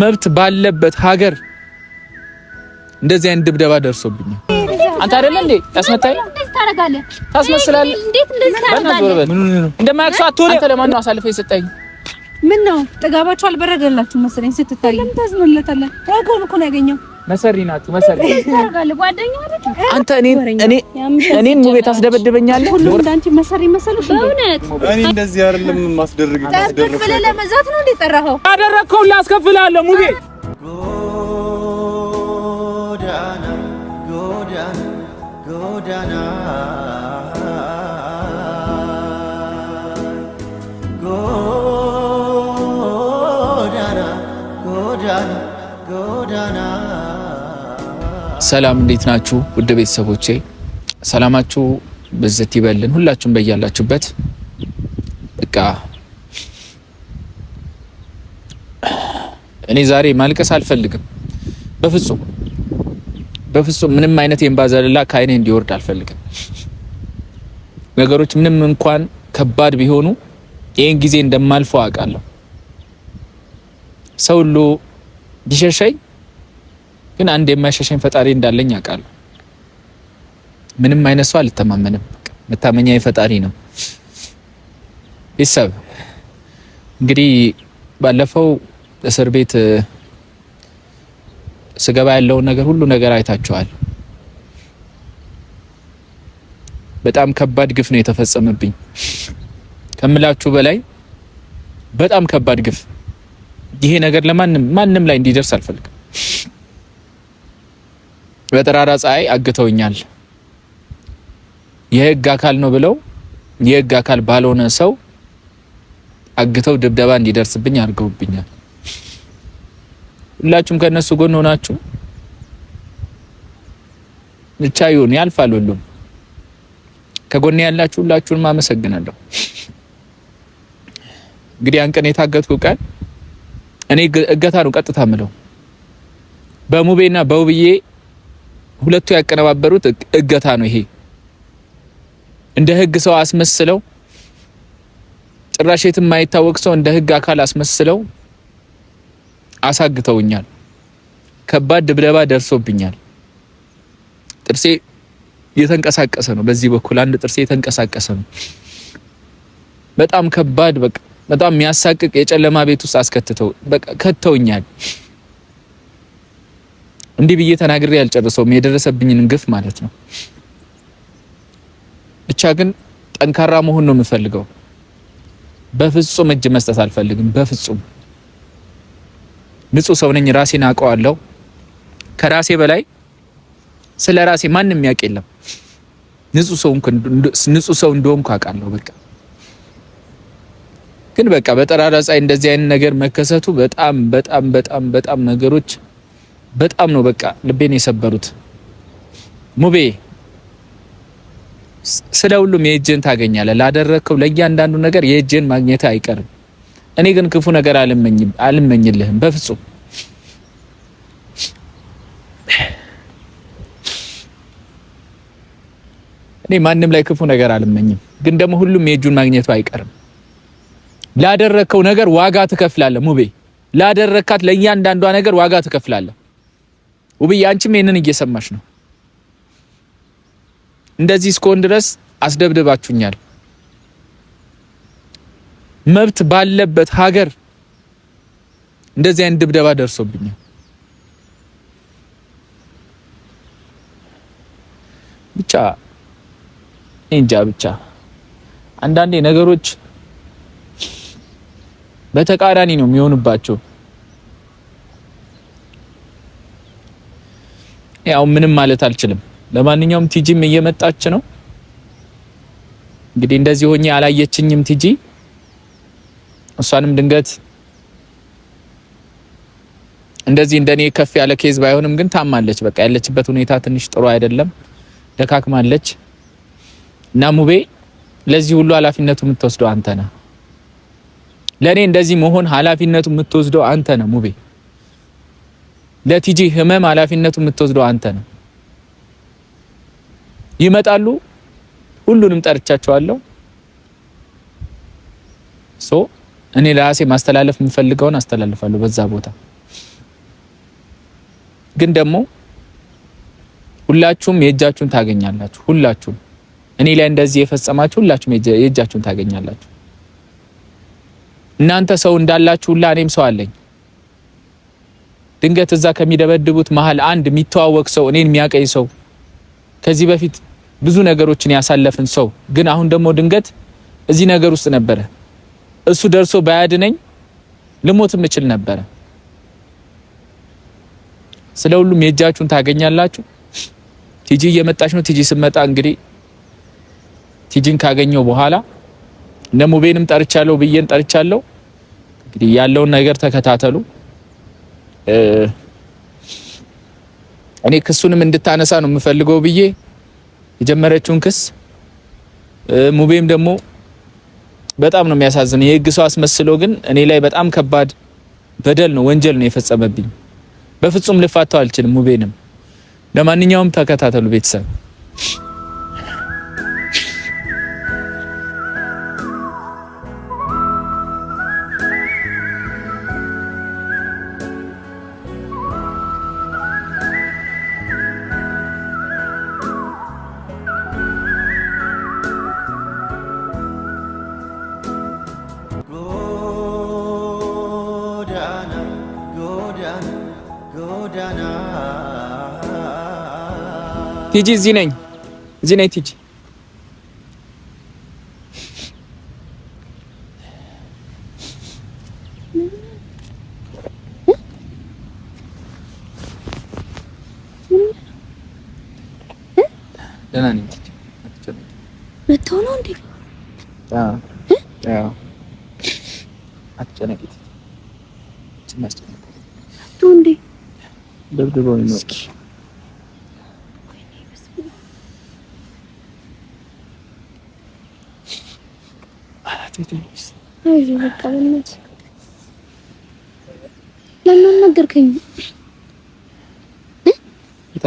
መብት ባለበት ሀገር እንደዚህ አይነት ድብደባ ደርሶብኛል። አንተ አይደለ እንዴ ታስመታይ ታረጋለህ፣ ታስመስላለህ። እንዴት አንተ ለማን ነው አሳልፈህ የሰጠኝ? ምን ነው ጥጋባችሁ አልበረደላችሁ መሰለኝ። ስትታይ ለምን ታዝኖለታለህ? ዋጋውን እኮ ነው ያገኘው። መሰሪ ናችሁ። መሰሪ አንተ እኔ እኔ እኔን ሙቤ ታስደበድበኛለህ። ሁሉ እንዳንቺ መሰሪ በእውነት እኔ እንደዚህ አይደለም ለመዛት ነው ሙቤ ጎዳና ጎዳና ጎዳና ሰላም እንዴት ናችሁ? ውድ ቤተሰቦቼ ሰላማችሁ ብዝት ይበልን። ሁላችሁም በያላችሁበት በቃ እኔ ዛሬ ማልቀስ አልፈልግም። በፍጹም በፍጹም ምንም አይነት የእንባ ዘለላ ከአይኔ እንዲወርድ አልፈልግም። ነገሮች ምንም እንኳን ከባድ ቢሆኑ ይህን ጊዜ እንደማልፈው አውቃለሁ። ሰው ሁሉ ቢሸሸኝ ግን አንድ የማይሸሸኝ ፈጣሪ እንዳለኝ አውቃለሁ። ምንም አይነት ሰው አልተማመንም። መታመኛ ፈጣሪ ነው። ቤተሰብ እንግዲህ ባለፈው እስር ቤት ስገባ ያለውን ነገር ሁሉ ነገር አይታችኋል። በጣም ከባድ ግፍ ነው የተፈጸመብኝ ከምላችሁ በላይ በጣም ከባድ ግፍ። ይሄ ነገር ለማንም ማንም ላይ እንዲደርስ አልፈልግም። በጠራራ ፀሐይ አግተውኛል። የህግ አካል ነው ብለው የህግ አካል ባልሆነ ሰው አግተው ድብደባ እንዲደርስብኝ አድርገውብኛል። ሁላችሁም ከነሱ ጎን ሆናችሁ ብቻ ይሁን፣ ያልፋል። ሁሉም ከጎን ያላችሁ ሁላችሁንም አመሰግናለሁ። እንግዲህ ያን ቀን የታገትኩ ቀን እኔ እገታ ነው ቀጥታ ምለው በሙቤና በውብዬ ሁለቱ ያቀነባበሩት እገታ ነው። ይሄ እንደ ህግ ሰው አስመስለው ጭራሽ የትም የማይታወቅ ሰው እንደ ህግ አካል አስመስለው አሳግተውኛል። ከባድ ድብደባ ደርሶብኛል። ጥርሴ የተንቀሳቀሰ ነው። በዚህ በኩል አንድ ጥርሴ የተንቀሳቀሰ ነው። በጣም ከባድ በቃ በጣም የሚያሳቅቅ የጨለማ ቤት ውስጥ አስከትተው በቃ ከተውኛል። እንዲህ ብዬ ተናግሬ ያልጨርሰውም የደረሰብኝን ግፍ ማለት ነው። ብቻ ግን ጠንካራ መሆን ነው የምፈልገው። በፍጹም እጅ መስጠት አልፈልግም። በፍጹም ንጹህ ሰው ነኝ፣ ራሴን አውቀዋለሁ። ከራሴ በላይ ስለ ራሴ ማንም ያውቅ የለም። ንጹህ ሰው ንጹህ ሰው እንደሆንኩ አውቃለሁ። በቃ ግን በቃ በጠራራ ፀሐይ እንደዚህ አይነት ነገር መከሰቱ በጣም በጣም በጣም በጣም ነገሮች በጣም ነው በቃ ልቤን የሰበሩት። ሙቤ ስለ ሁሉም የእጅን ታገኛለህ። ላደረግከው ለእያንዳንዱ ነገር የእጅን ማግኘት አይቀርም። እኔ ግን ክፉ ነገር አልመኝልህም በፍጹም። እኔ ማንም ላይ ክፉ ነገር አልመኝም፣ ግን ደግሞ ሁሉም የእጁን ማግኘቱ አይቀርም። ላደረግከው ነገር ዋጋ ትከፍላለህ ሙቤ። ላደረግካት ለእያንዳንዷ ነገር ዋጋ ትከፍላለህ። ውብዬ አንቺም ይሄንን እየሰማሽ ነው። እንደዚህ እስከሆን ድረስ አስደብድባችሁኛል። መብት ባለበት ሀገር እንደዚህ አይነት ድብደባ ደርሶብኛል። ብቻ እንጃ ብቻ አንዳንዴ ነገሮች በተቃራኒ ነው የሚሆንባቸው። ያው ምንም ማለት አልችልም። ለማንኛውም ቲጂም እየመጣች ነው እንግዲህ እንደዚህ ሆኜ አላየችኝም ቲጂ። እሷንም ድንገት እንደዚህ እንደኔ ከፍ ያለ ኬዝ ባይሆንም ግን ታማለች። በቃ ያለችበት ሁኔታ ትንሽ ጥሩ አይደለም፣ ደካክማለች። እና ሙቤ ለዚህ ሁሉ ኃላፊነቱ የምትወስደው አንተ ነህ። ለእኔ እንደዚህ መሆን ኃላፊነቱ የምትወስደው አንተ ነህ ሙቤ ለቲጂ ህመም ኃላፊነቱ የምትወስደው አንተ ነው። ይመጣሉ። ሁሉንም ጠርቻቸዋለሁ። ሶ እኔ ለራሴ ማስተላለፍ የምፈልገውን አስተላልፋለሁ። በዛ ቦታ ግን ደግሞ ሁላችሁም የእጃችሁን ታገኛላችሁ። ሁላችሁም እኔ ላይ እንደዚህ የፈጸማችሁ ሁላችሁም የእጃችሁን ታገኛላችሁ። እናንተ ሰው እንዳላችሁ ሁላ እኔም ሰው አለኝ። ድንገት እዛ ከሚደበድቡት መሀል አንድ የሚተዋወቅ ሰው እኔን የሚያቀኝ ሰው ከዚህ በፊት ብዙ ነገሮችን ያሳለፍን ሰው ግን አሁን ደግሞ ድንገት እዚህ ነገር ውስጥ ነበረ። እሱ ደርሶ ባያድነኝ ልሞትም እችል ነበረ። ስለ ሁሉም የእጃችሁን ታገኛላችሁ። ቲጂ እየመጣች ነው። ቲጂ ስመጣ እንግዲህ ቲጂን ካገኘው በኋላ እነ ሙቤንም ጠርቻለሁ ብዬን ጠርቻለሁ። እንግዲህ ያለውን ነገር ተከታተሉ። እኔ ክሱንም እንድታነሳ ነው የምፈልገው ብዬ የጀመረችውን ክስ ሙቤም ደግሞ በጣም ነው የሚያሳዝን። የህግ ሰው አስመስሎ ግን እኔ ላይ በጣም ከባድ በደል ነው ወንጀል ነው የፈጸመብኝ። በፍጹም ልፋተው አልችልም። ሙቤንም ለማንኛውም ተከታተሉ ቤተሰብ ቲጂ እዚህ ነኝ፣ እዚህ ነኝ ቲጂ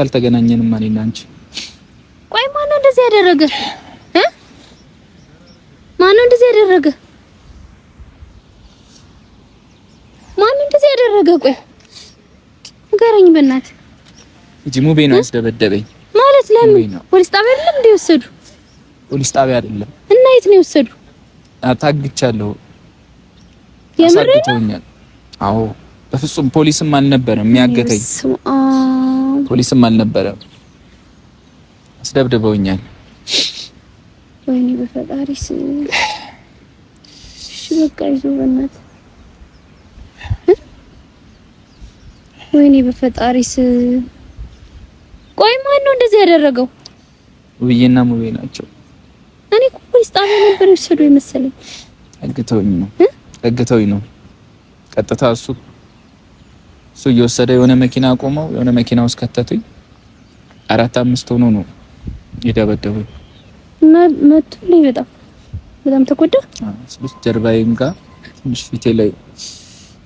አልተገናኘንም እና አንቺ። ቆይ ማነው እንደዚህ ያደረገ እ ማነው እንደዚህ ያደረገ ማነው እንደዚህ ያደረገ? ቆይ ንገረኝ በእናትህ። እንጂ ሙቤ ነው ያስደበደበኝ። ማለት ለምን ፖሊስ ጣቢያ አይደለም እንደ የወሰዱ? ፖሊስ ጣቢያ አይደለም እና የት ነው የወሰዱ? ታግቻለሁ። የምሬን? አዎ በፍጹም ፖሊስም አልነበረም የሚያገተኝ ፖሊስም አልነበረም። አስደብድበውኛል። ወይኔ በፈጣሪ ስም እሺ፣ በቃ ይዞ በእናት ወይኔ በፈጣሪ ስም። ቆይ ማን ነው እንደዚህ ያደረገው? ውብዬና ሙቤ ናቸው። እኔ እኮ ፖሊስ ጣቢያ ነበር የወሰዱ የመሰለኝ። እግተውኝ ነው እግተውኝ ነው ቀጥታ እሱ እሱ እየወሰደ የሆነ መኪና አቆመው። የሆነ መኪና ውስጥ ከተቱኝ። አራት አምስት ሆኖ ነው የደበደቡኝ። በጣም በጣም ተጎዳ። ጀርባዬም ጋር ትንሽ ፊቴ ላይ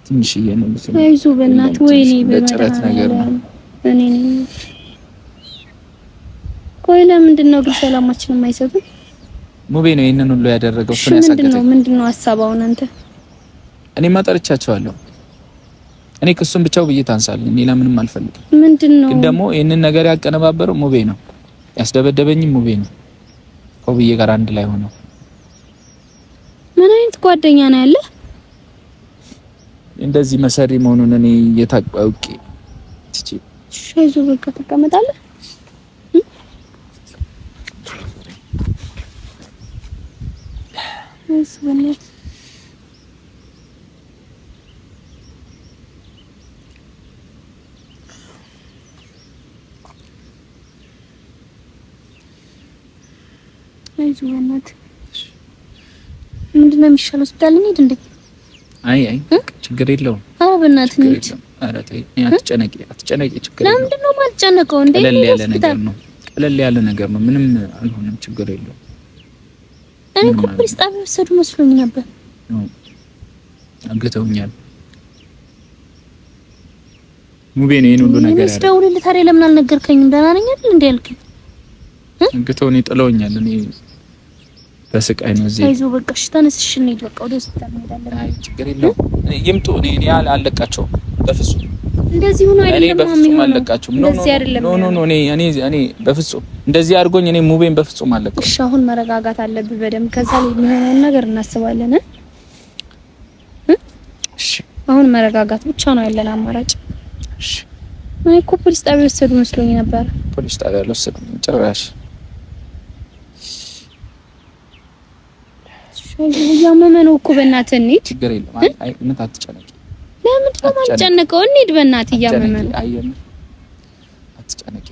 ትንሽ ነው። አይዞህ በእናትህ ወይኔ፣ በጭረት ነገር ነው። እኔ ቆይ ለምንድን ነው ግን ሰላማችን የማይሰጡን? ሙቤ ነው ይሄንን ሁሉ ያደረገው። እሱ ምንድን ነው ሀሳብ? አሁን አንተ እኔማ ጠርቻቸዋለሁ እኔ ክሱን ብቻው ብዬ እኔ ሌላ ምንም አልፈልግም። ምንድነው ግን ደግሞ ይህንን ነገር ያቀነባበረው ሙቤ ነው፣ ያስደበደበኝም ሙቤ ነው። ከውብዬ ጋር አንድ ላይ ሆነው ምን አይነት ጓደኛ ነው ያለ እንደዚህ መሰሪ መሆኑን እኔ የታውቂ ትቺ ሸይዞ በቃ እስ እሱ ይዙ ወናት ምንድነው የሚሻለው ሆስፒታል እንሂድ እንዴ? አይ አይ ችግር የለውም። ኧረ በእናትህ እንሂድ። ኧረ ተይ አትጨነቂ፣ አትጨነቂ። ችግር የለውም። ለምንድን ነው የማልጨነቀው? እንዴ ቀለል ያለ ነገር ነው፣ ቀለል ያለ ነገር ነው። ምንም አልሆነም፣ ችግር የለውም። እኔ እኮ ፖሊስ ጣቢያ ወሰዱ መስሎኝ ነበር። አግተውኛል። ሙቤ ነው ይሄን ሁሉ ነገር ያለው። ደውልልህ ታዲያ ለምን አልነገርከኝም? ደህና ነኝ አይደል እንዴ ያልከኝ? አግተው እኔ ጥለውኛል እኔ በስቃይ ነው እዚህ። አይዞህ በቃ እሺ፣ ተነስሽ እንሂድ። በቃ ወደ ሆስፒታል እንሄዳለን። አይ ችግር የለውም ይምጡ። እኔ እኔ አለቃቸውም በፍጹም እንደዚህ ሆኖ አይደለም። እኔ በፍጹም አለቃቸውም። ኖ ኖ ኖ ኖ እኔ እኔ እኔ በፍጹም እንደዚህ አድርጎኝ እኔ ሙቤን በፍጹም አለቃቸው። እሺ አሁን መረጋጋት አለብህ በደንብ። ከዛ ላይ የሚሆነውን ነገር እናስባለን። እሺ አሁን መረጋጋት ብቻ ነው ያለን አማራጭ። እሺ እኔ እኮ ፖሊስ ጣቢያ ወሰዱ መስሎኝ ነበር። ፖሊስ ጣቢያ አልወሰዱም ጭራሽ እያመመ ነው እኮ በእናትህ እንሂድ። ችግር የለም። አይ እውነት አትጨነቂ። ለምንድን እንሂድ በእናትህ እያመመ ነው። አትጨነቂ።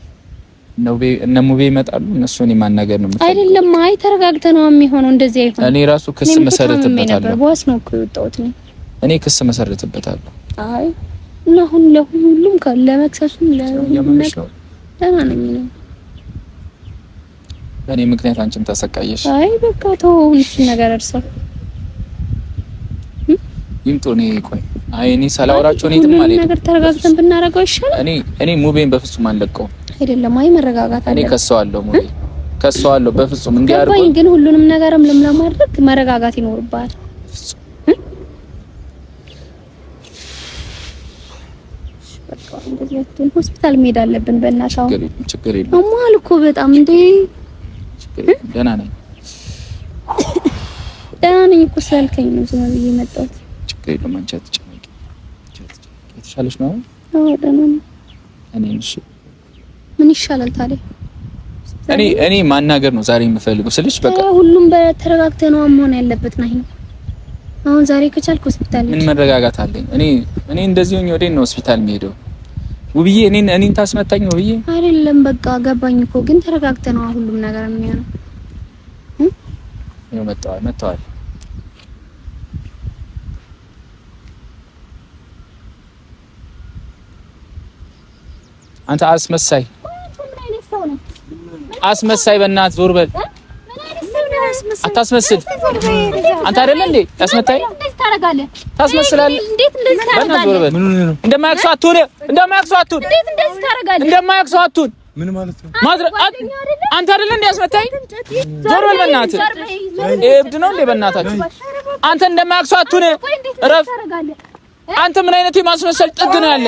እነ ሙቤ ይመጣሉ። እነሱ እኔ ማናገር ነው አይደለም አይ ተረጋግተህ ነው የሚሆነው። እንደዚህ አይሆንም። እኔ ራሱ ክስ መሰረትበታለሁ። በዋስ ነው እኮ የወጣሁት እኔ እኔ ክስ መሰረትበታለሁ። አይ እና አሁን ለሁሉም ለመክሰሱም ለሁሉም ነገር ደህና በእኔ ምክንያት አንቺም ተሰቃየሽ። አይ በቃ ተው እሱን ነገር እርሳው። ይምጡ። እኔ ቆይ አይ እኔ ሳላወራቸው እኔ ትም ማለት ነገር ተረጋግተን ብናረጋው ይሻላል። እኔ እኔ ሙቤን በፍጹም አልለቀው አይደለም። አይ መረጋጋት አለ። እኔ ከሰዋለሁ ሙቤ ከሰዋለሁ በፍጹም እንዲያርጉ ግን ሁሉንም ነገርም ለማድረግ መረጋጋት ይኖርባል። ሆስፒታል መሄድ አለብን። በእናትህ ችግር የለም። አሟል እኮ በጣም እንዴ ደህና ነኝ ደህና ነኝ እኮ ስላልከኝ ነው ዝም ብዬ ችግር የለም። አንቺ አትጨነቂ። ነው? አዎ ደህና ነኝ። እኔ እሺ፣ ምን ይሻላል ታዲያ? እኔ እኔ ማናገር ነው ዛሬ የምፈልገው ስልሽ፣ በቃ ሁሉም በተረጋግተ ነው መሆን ያለበት ነው። አሁን ዛሬ ከቻልክ ሆስፒታል ምን መረጋጋት አለኝ እኔ እኔ እንደዚህ ሆኜ ወዴት ነው ሆስፒታል የሚሄደው? ውብዬ እኔን እኔን ታስመታኝ። ውብዬ አይደለም በቃ ገባኝ እኮ ግን ተረጋግተ ነው ሁሉም ነገር የሚሆነው። ነው መጣዋል መጣዋል። አንተ አስመሳይ አስመሳይ፣ በእናትህ ዞር በል አታስመስል። አንተ አይደለ እንዴ ታስመታኝ? ታስመስላለህ። ምን ማለት ነው? አንተ አይደለ እንዴ ያስመታኝ? ዞር በል በእናትህ። እብድ ነው እንዴ በእናታችሁ? አንተ እንደማያውቅ እረፍ። አንተ ምን አይነት የማስመሰል ጥግ ነው ያለ?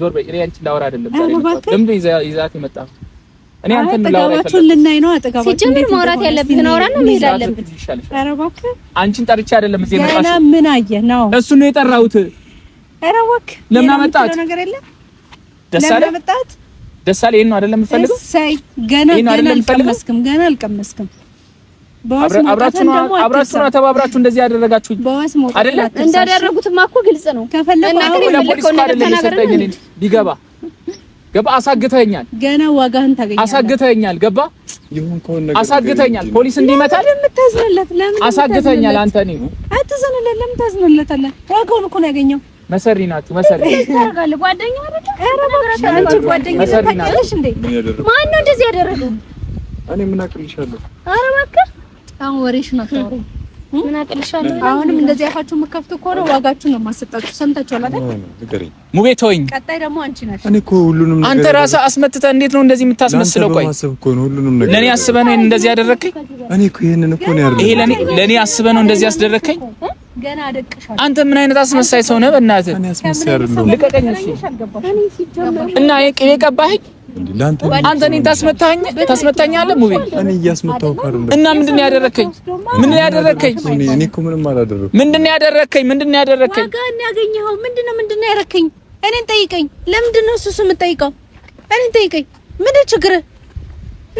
ዞር በይ። እኔ አንቺን ላወራ አይደለም ዛሬ መጣሁ። ልምድ ይዛት የመጣ እኔ አንተን ላወራ አይደለም። ልናይ ነው አጠገባችን። ሲጀምር ማውራት ያለብህ አውራ ነው መሄድ አለብን። ኧረ እባክህ አንቺን ጠርቼ አይደለም እዚህ የመጣሽ። ገና ምን አየ ነው? እሱ ነው የጠራሁት። ኧረ እባክህ ለምን አመጣት? ነገር የለም ደስ አለ። ደስ አለ። ይሄን ነው አይደለም የምፈልገው። ሳይ ገና ገና አልቀመስክም፣ ገና አልቀመስክም አብራችሁ ነው ተባብራችሁ እንደዚህ ያደረጋችሁኝ አይደለ? እንዳደረጉትማ እኮ ግልጽ ነው። ከፈለኩ አሁን ቢገባ ገባ። አሳግተኛል፣ ገና ዋጋህን ታገኛለህ። አሳግተኛል፣ ገባ። አሳግተኛል፣ ፖሊስ እንዲመታ አሳግተኛል። አንተ እኔ አትዘንለት። ለምን ታዝንለታለህ? ዋጋውን እኮ ነው ያገኘው። መሰሪ ናት። መሰሪ ጓደኛ ማን ነው እንደዚህ ያደረገው? እኔ ምን አቅልሻለሁ? ኧረ እባክህ አሁን ወሬሽን አታውሩ። ምን አቅልሻለሁ። አሁንም እንደዚህ አፋችሁ የምከፍቱ ከሆነ ዋጋችሁ ነው የማሰጣችሁ። ሰምታችኋል አይደል? ሙቤ ተወኝ። ቀጣይ ደግሞ አንቺ ነሽ። እኔ እኮ ሁሉንም ነገር አንተ ራስህ አስመትተህ እንዴት ነው እንደዚህ የምታስመስለው? ቆይ ለኔ አስበህ ነው እንደዚህ ያደረከኝ? እኔ እኮ ይሄንን እኮ ነው ያደረከኝ። ይሄ ለኔ ለኔ አስበህ ነው እንደዚህ ያስደረከኝ? ገና አደቅሻለሁ። አንተ ምን አይነት አስመሳይ ሰው ነህ? በእናትህ ልቀቀኝ። እሺ እና የቅቤ ቀባኸኝ አንተ እኔን ታስመታኝ ታስመታኛለህ? ሙቤ እኔ እያስመታሁ እና ምንድን ነው ያደረከኝ? ምንድን ነው ያደረከኝ? እኔ እኮ ምንም አላደረኩም። ምንድን ነው ያደረከኝ? ምንድን ነው ያደረከኝ? ዋጋ ነው ያገኘኸው? ምንድን ነው ምንድን ነው ያደረከኝ? እኔን ጠይቀኝ። ለምንድን ነው እሱ የምጠይቀው? እኔን ጠይቀኝ። ምንድን ችግር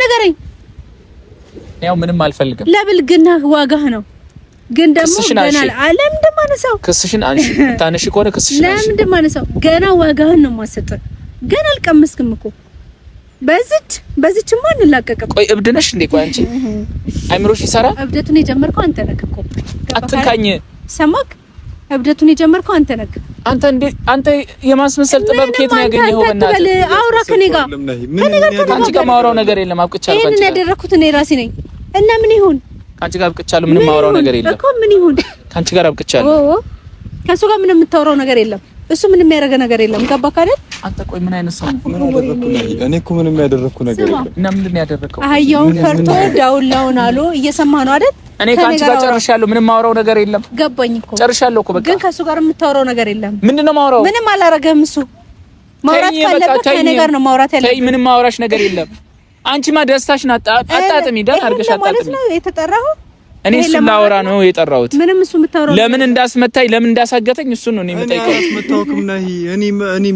ንገረኝ። ያው ምንም አልፈልግም። ለብልግና ዋጋህ ነው ግን ደግሞ ገና ለምንድን ነው የማነሳው? ክስሽን አንሺ። ታነሺ ከሆነ ክስሽን አንሺ። ለምንድን ነው ገና ዋጋህን ነው የማሰጥህ። ገና አልቀመስክም እኮ በዚች በዚችማ እንላቀቅም። ቆይ እብድ ነሽ እንዴ? ቆይ አንቺ አይምሮሽ ይሰራ። እብደቱን የጀመርከው አንተ ነህ እኮ። አትንካኝ፣ ሰማክ? እብደቱን የጀመርከው አንተ ነህ። አንተ እንዴ አንተ የማስመሰል ጥበብ ከየት ነው ያገኘኸው? በእናትህ አውራ ከኔ ጋር ከኔ ጋር ከአንቺ ጋር ማውራው ነገር የለም። አብቅቻለሁ። ይሄን ያደረኩት እኔ ራሴ ነኝ እና ምን ይሁን? ከአንቺ ጋር አብቅቻለሁ። ምንም ማውራው ነገር የለም እኮ ምን ይሁን? ከአንቺ ጋር አብቅቻለሁ። ከእሱ ጋር ምንም የምታወራው ነገር የለም። እሱ ምንም የሚያደርገ ነገር የለም። ገባህ አይደል? አንተ ቆይ ምን አይነት ሰው ነው? እኔ እኮ ምንም ያደረግኩ ነገር የለም። እና ምንድን ነው ያደረገው? አህያውን ፈርቶ ዳውላውን አሉ። እየሰማ ነው አይደል? እኔ ከአንቺ ጋር ጨርሻለሁ። ምንም ማውራው ነገር የለም። ገባኝ እኮ ጨርሻለሁ እኮ በቃ። ግን ከእሱ ጋር የምታወራው ነገር የለም። ምንድን ነው ማውራው? ምንም አላረገም እሱ። ማውራት ካለበት ከእኔ ጋር ነው ማውራት ያለበት። ተይ፣ ምንም ማውራሽ ነገር የለም። አንቺማ ደስታሽን አጣጥሚ፣ ደህና አድርገሽ አጣጥሚ። ማለት ነው የተጠራኸው እኔ እሱን ላወራ ነው የጠራሁት። ምንም እሱ የምታወራው ለምን እንዳስመታኝ ለምን እንዳሳገተኝ እሱ ነው እኔ የምጠይቀው። እኔ እኔ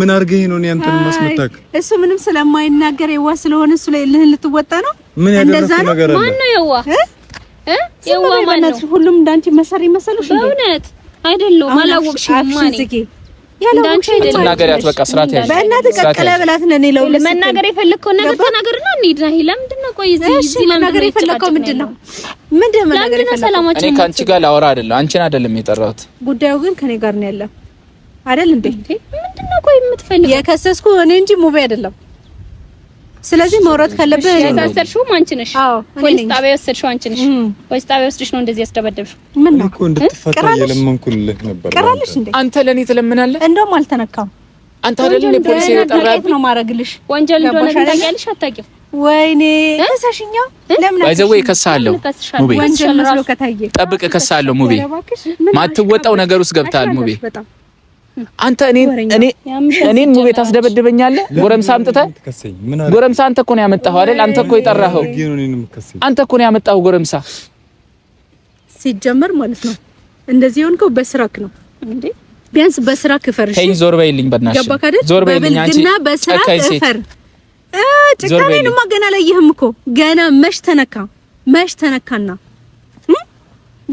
ምን አድርገህ ነው እኔ አንተን ማስመታክ? እሱ ምንም ስለማይናገር የዋህ ስለሆነ እሱ ላይ ልህን ልትወጣ ነው። ምን ያደረኩት ነገር አለ? ማን ነው የዋህ እ የዋህ ማን ነው? ሁሉም እንዳንቺ መሰሪ መሰሉሽ? በእውነት አይደለም። አላወቅሽም ማን መናገሪያት በቃ ስርዓት ያዥ። በእናትህ ቀቅለ ብላት ነው። እኔ ለሁለት መናገር የፈለግከውን ነገር ተናገር እና እንሂድ። ለምንድን ነው ቆይ እዚህ እዚህ መናገር የፈለግከው ምንድን ነው? ምንድን ነው መናገር የፈለግከው? እኔ ከአንቺ ጋር ላወራ አይደለም፣ አንቺን አይደለም የጠራሁት። ጉዳዩ ግን ከኔ ጋር ነው ያለው አይደል እንዴ? ምንድን ነው ቆይ የምትፈልገው? የከሰስኩ እኔ እንጂ ሙቤ አይደለም። ስለዚህ መውረድ ካለብህ የወሰድሽው አንቺ ነሽ። ፖሊስ ጣቢያ የወሰድሽው አንቺ ነሽ። ፖሊስ ጣቢያ ወስድሽ ነው እንደዚህ ያስደበደብሽው። ምን ነው እኮ እንድትፈታ የለመንኩልህ ነበር። ቀራለሽ እንዴ አንተ ለኔ ትለምናለህ? እንደውም አልተነካም። አንተ አይደለም ፖሊስ የጠራህ ነው ማረግልሽ። ወንጀል እንደሆነ ታውቂያለሽ አታውቂም? ወይኔ ከሳሽኛ ለምን አይዘው ይከሳለሁ። ሙቤ ወንጀል መስሎ ከታየ ጠብቅ፣ እከሳለሁ። ሙቤ ማትወጣው ነገር ውስጥ ገብታል ሙቤ አንተ እኔን ሙቤ ታስደበድበኛለህ? ጎረምሳ አምጥተህ ጎረምሳ አንተ እኮ ነው ያመጣኸው አይደል? አንተ እኮ የጠራኸው አንተ እኮ ነው ያመጣኸው ጎረምሳ። ሲጀመር ማለት ነው እንደዚህ የሆንከው በስራክ ነው እንዴ? ቢያንስ በስራክ እፈር። እሺ ዞር በይልኝ፣ በእናትሽ ዞር በይልኝ። አንቺ በስራክ እፈር። ጭካኔንማ ገና አላየህም እኮ ገና መች ተነካ፣ መች ተነካና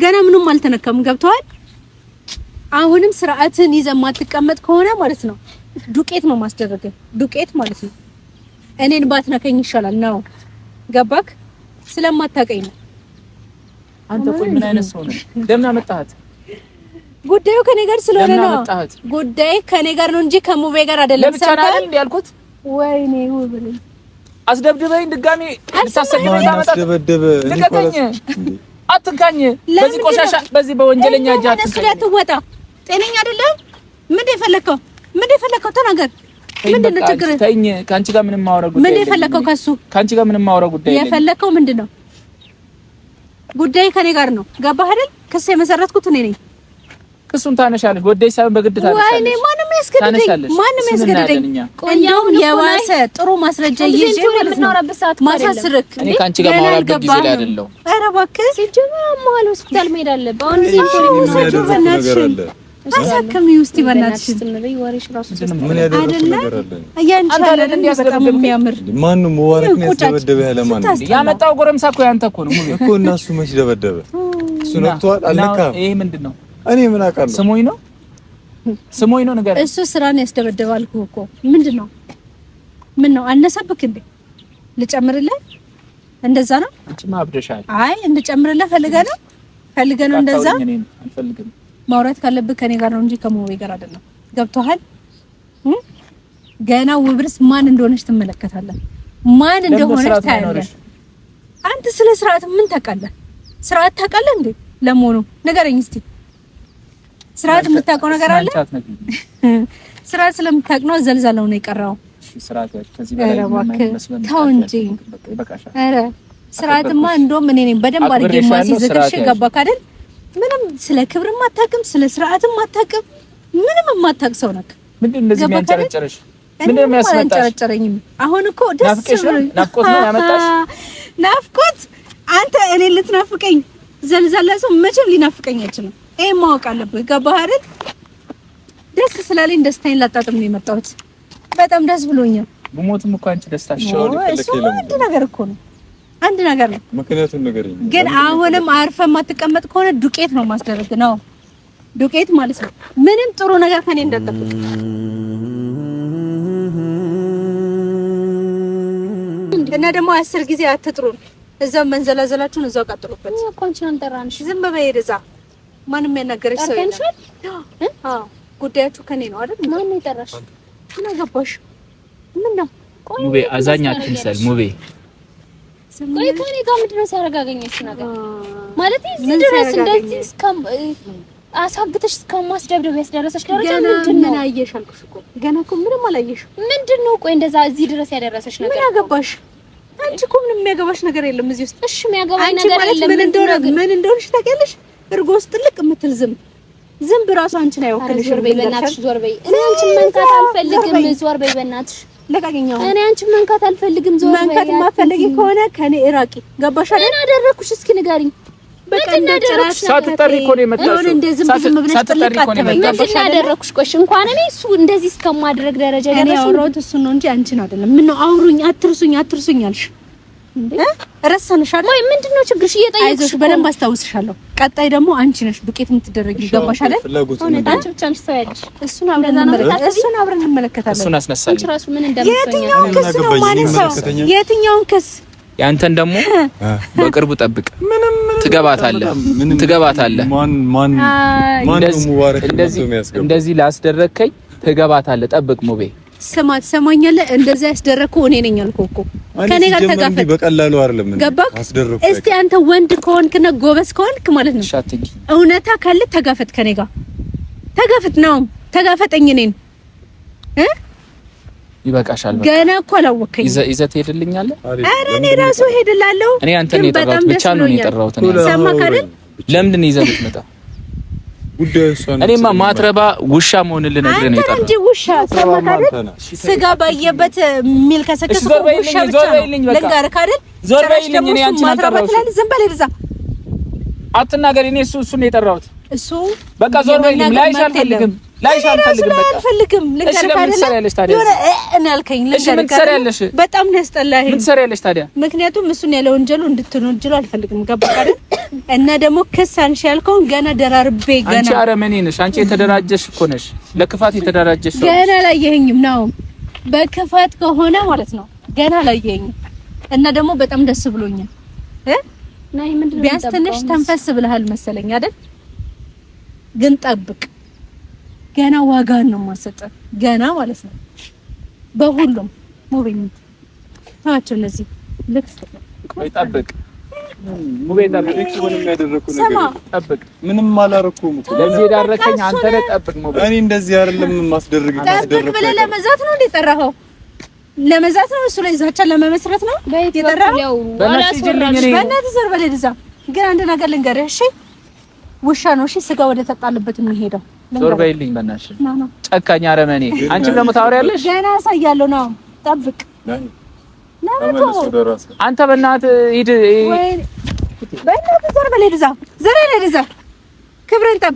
ገና ምንም አልተነካም። ገብተዋል አሁንም ስርዓትን ይዘህ የማትቀመጥ ከሆነ ማለት ነው ዱቄት ነው ማስደረግ፣ ዱቄት ማለት ነው። እኔን ባትነከኝ ይሻላል ነው። ገባክ? ስለማታቀኝ ነው። አንተ ቆይ ምን አይነት ሰው ነህ? ለምን አመጣሃት? ጉዳዩ ከኔ ጋር ስለሆነ ነው። ጉዳይ ከኔ ጋር ነው እንጂ ከሙቤ ጋር አይደለም። ሰምተሃል ያልኩት? ወይኔ ውብ ነኝ። አስደብድበኝ ድጋሜ ልታሰደበኝ ታመጣት። ልቀቀኝ፣ አትንካኝ። በዚህ ቆሻሻ፣ በዚህ በወንጀለኛ እጅ አትንካኝ። ጤነኛ አይደለም። ምንድን የፈለከው? ምንድን የፈለከው? ተናገር። ምንድን ነው ችግር? ተይኝ። ከአንቺ ጋር ምንም ማውራ ጉዳይ ምንድን የፈለከው? ከሱ ከአንቺ ጋር ምንም ማውራ ጉዳይ የፈለከው ምንድን ነው? ጉዳይ ከኔ ጋር ነው። ገባህ አይደል? ክስ የመሰረትኩት እኔ ነኝ። ክሱን ታነሻለሽ፣ ወደይ ሳይሆን በግድ ታነሻለሽ። ወይኔ ማንም ያስገድደኝ፣ ማንም ያስገድደኝ። እንደውም የባሰ ጥሩ ማስረጃ ይዤ ማሳስርክ። እኔ ካንቺ ጋር ማውራት በጊዜ ላይ አይደለም። ኧረ እባክህ ሲጀመር ሆስፒታል መሄድ አለብህ አሁን አሳክሚ ውስጥ ይበናልሽ ያመጣው ጎረምሳ እኮ ያንተ እኮ ነው እኮ እና እሱ መች ደበደበ? እሱ ነክቷል። አልነካም። ይሄ ምንድን ነው? እኔ ምን አውቃለሁ? ስሞኝ ነው ስሞኝ ነው ነገር እሱ ስራን ያስደበደባል እኮ ምንድን ነው? ምን ነው አልነሰብክ እንዴ? ልጨምርልህ? እንደዛ ነው። አይ እንድጨምርልህ ፈልገህ ነው ፈልገህ ነው እንደዛ አልፈልግም ማውራት ካለብህ ከኔ ጋር ነው እንጂ ከሙቤ ጋር አይደለም። ገብቶሃል? ገና ውብርስ ማን እንደሆነች ትመለከታለህ። ማን እንደሆነች ታያለህ። አንተ ስለ ስርዓት ምን ታውቃለህ? ስርዓት ታውቃለህ እንዴ? ለመሆኑ ንገረኝ እስቲ። ስርዓት የምታውቀው ነገር አለ? ስርዓት ስለምታውቅ ነው ዘልዛለው ነው የቀረው። ተው እንጂ ኧረ ስርዓትማ እንደውም እኔ ነኝ በደንብ አድርጌ ማስይዝሽ። ገባክ አይደል? ምንም ስለ ክብርም አታውቅም፣ ስለ ስርዓትም አታውቅም፣ ምንም የማታውቅ ሰው ነክ። ምንድን ነው እንደዚህ የሚያንጨረጨረሽ? ምንድን ነው የሚያስመጣሽ? አሁን እኮ ደስ ናፍቆት ነው ያመጣሽ። ናፍቆት አንተ እኔ ልትናፍቀኝ ዘልዛላ ሰው መቼም ሊናፍቀኝ አይችልም። ይሄን ማወቅ አለብህ። ገባህ አይደል? ደስ ስላለኝ ደስታዬን ላጣጥም ነው የመጣሁት። በጣም ደስ ብሎኛል። ብሞትም እኮ አንቺ ደስታሽ ነው። እሱ አንድ ነገር እኮ ነው አንድ ነገር ነው። ምክንያቱም ነገር ግን አሁንም አርፈ የማትቀመጥ ከሆነ ዱቄት ነው ማስደረግ ነው። ዱቄት ማለት ነው። ምንም ጥሩ ነገር ከኔ እንደጠብቅ እና ደግሞ አስር ጊዜ አትጥሩን። እዛው መንዘላዘላችሁን እዛው ቀጥሉበት። እኮ ኮንቸን ተራንሽ ዝም በይ እዛ ማንም ያናገረሽ ሰው አዎ፣ ጉዳያችሁ ከኔ ነው አይደል? ማን ይጠራሽ? ምን አገባሽ? ምን ነው ሙቤ፣ አዛኛ ሰል ሙቤ ቆይ ከኔ ጋር ምንድን ነው ሲያደርግ አገኘሽ ነገር ማለት እዚህ ድረስ እንደዚህ እስከ አሳብተሽ እስከ ያስደረሰሽ ደረጃ ምንድን ነው? አየሽ አልኩሽ እኮ ገና እኮ ምንም አላየሽም። ምንድን ነው ቆይ እንደዛ እዚህ ድረስ ያደረሰሽ ነገር ምን አገባሽ? አንቺ እኮ ምንም የሚያገባሽ ነገር የለም እዚህ ውስጥ። እሺ የሚያገባሽ ነገር የለም። ምን እንደሆነ ምን እንደሆነሽ ታውቂያለሽ? እርጎ ውስጥ ጥልቅ የምትል ዝም ዝም ብራሱ አንቺን አይወክልሽም። ዞር በይ በእናትሽ ዞር በይ። እኔ አንቺን መንካት አልፈልግም። ዞር በይ በእናትሽ ለቀቀኛው እኔ አንቺ መንካት አልፈልግም። ዞር መንካት ማፈልግ ከሆነ ከኔ እራቂ። ገባሽ እኔ አደረኩሽ። እስኪ ንገሪኝ። በቃ ሳትጠሪ አደረኩሽ። ቆሽ እንኳን እኔ እሱ እንደዚህ እስከማድረግ ደረጃ ደረሽ። እኔ አውሮት እሱ ነው እንጂ አንቺን አይደለም። ምነው አውሩኝ፣ አትርሱኝ፣ አትርሱኝ አልሽ ረሳንሻለሁ ወይ ምንድን ነው ችግርሽ? እየጠየቅሽ በደንብ አስታውስሻለሁ። ቀጣይ ደግሞ አንቺ ነሽ ዱቄት የምትደረጊ ይገባሻል። እሱን አብረን እንመለከታለን። የትኛውን ክስ ያንተን ደግሞ በቅርቡ ጠብቅ። ትገባታለህ ትገባታለህ። እንደዚህ ላስደረግከኝ ትገባታለህ። ጠብቅ ሙቤ ስማ ትሰማኛለህ? እንደዛ ያስደረግከው እኔ ነኝ አልኩህ እኮ ከኔ ጋር ተጋፈጥ። በቀላሉ አይደለም ገባክ? ገባህ? እስቲ አንተ ወንድ ከሆንክና ጎበዝ ከሆንክ ማለት ነው እውነታ ካለ ተጋፈጥ፣ ከኔ ጋር ተጋፈጥ ነው ተጋፈጠኝ። እኔን እ ይበቃሻል። ገና እኮ አላወከኝ። ይዘ ይዘ ትሄድልኛለህ? አረ እኔ ራሱ ሄድላለሁ። እኔ አንተ ነው የጠራሁት ብቻ ነው የጠራሁት። ሰማህ አይደል? ለምንድን ነው ይዘህ የምትመጣው? እኔማ ማትረባ ውሻ መሆን ልነግርህ ነው የጠራህ እንጂ ውሻ ሰማህ ስጋ ባየበት የሚል ከሰከሰ ውሻ ብቻ ነው። ልንገርህ አይደል? ዞር በይልኝ። እኔ አንቺን አልጠራሁሽም። ዝም በል ይብዛ አትናገር። እኔ እሱ እሱ ነው የጠራሁት እሱ በቃ ዞር በይልኝ። ላይሽ አልፈልግም፣ ላይሽ አልፈልግም። በቃ አልፈልግም። ልንገርህ አይደለ ታዲያ እኔ አልከኝ። ልንገርህ በጣም ነው ያስጠላኸኝ። ምን ትሰሪያለሽ ታዲያ? ምክንያቱም እሱን ያለ ወንጀሉ እንድትወንጅሉ አልፈልግም። ገባህ አይደል? እና ደግሞ ክስ አንቺ ያልከውን ገና ደራርቤ ገና አንቺ አረመኔ ነሽ። አንቺ የተደራጀሽ እኮ ነሽ፣ ለክፋት የተደራጀሽ ሰው። ገና አላየኸኝም ነው በክፋት ከሆነ ማለት ነው። ገና አላየኸኝም እና ደግሞ በጣም ደስ ብሎኛል። እ ቢያንስ ትንሽ ተንፈስ ብለሃል መሰለኝ አይደል? ግን ጠብቅ፣ ገና ዋጋ ነው የማሰጠህ። ገና ማለት ነው በሁሉም ሙቤኝት ታቸው እነዚህ ልክስ ጠብቅ ጠብቅ። ነገር ጠብቅ። ምንም ለዚህ አንተ እኔ እንደዚህ አይደለም ማስደረግ ለመዛት ነው ለመዛት ነው እሱ ላይ ዛቻ ለመመስረት ነው የጠራኸው? ግን አንድ ነገር ልንገርህ እሺ ውሻ ነው። እሺ ስጋ ወደ ተጣለበት የሚሄደው ዞር በይልኝ በእናትሽ። ጨካኝ አረመኔ። አንቺም ደግሞ ታወሪያለሽ። ገና አሳያለሁ ነው። ጠብቅ። አንተ በእናትህ ሂድ። ዞር በል። ጠብቅ።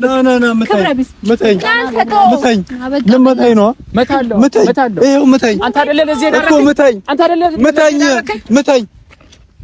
ና ና ምታኝ ምታኝ ምታኝ ነው አንተ አይደለ ለዚህ ምታኝ። አንተ አይደለ ምታኝ ምታኝ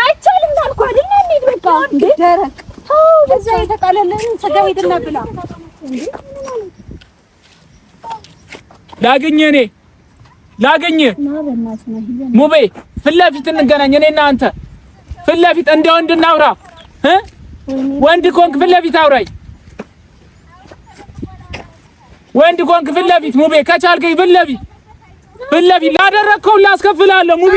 አይቻልም ታልኩ አይደል? እንዴት በቃ ደረቅ በዛ የተቃለለን ስጋ ሄድና ብላ ላግኝ እኔ ላግኝ ሙቤ ፊት ለፊት እንገናኝ። እኔና አንተ ፊት ለፊት እንደ ወንድ እናውራ። ወንድ ኮንክ ፊት ለፊት አውራኝ። ወንድ ኮንክ ፊት ለፊት ሙቤ ከቻልከኝ ፊት ለፊት ፊት ለፊት ላደረግከውን ላስከፍልሃለሁ ሙቤ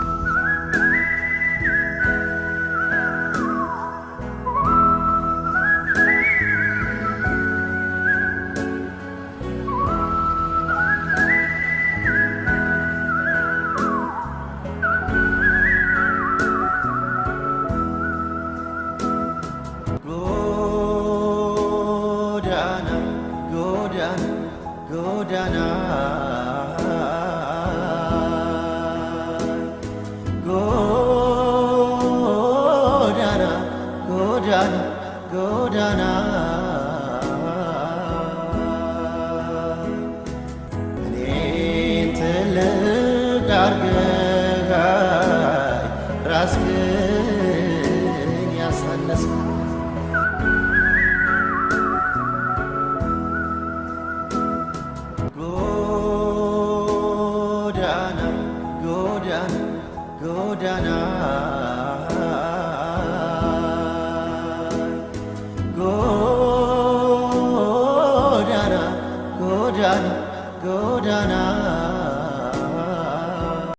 موعدنا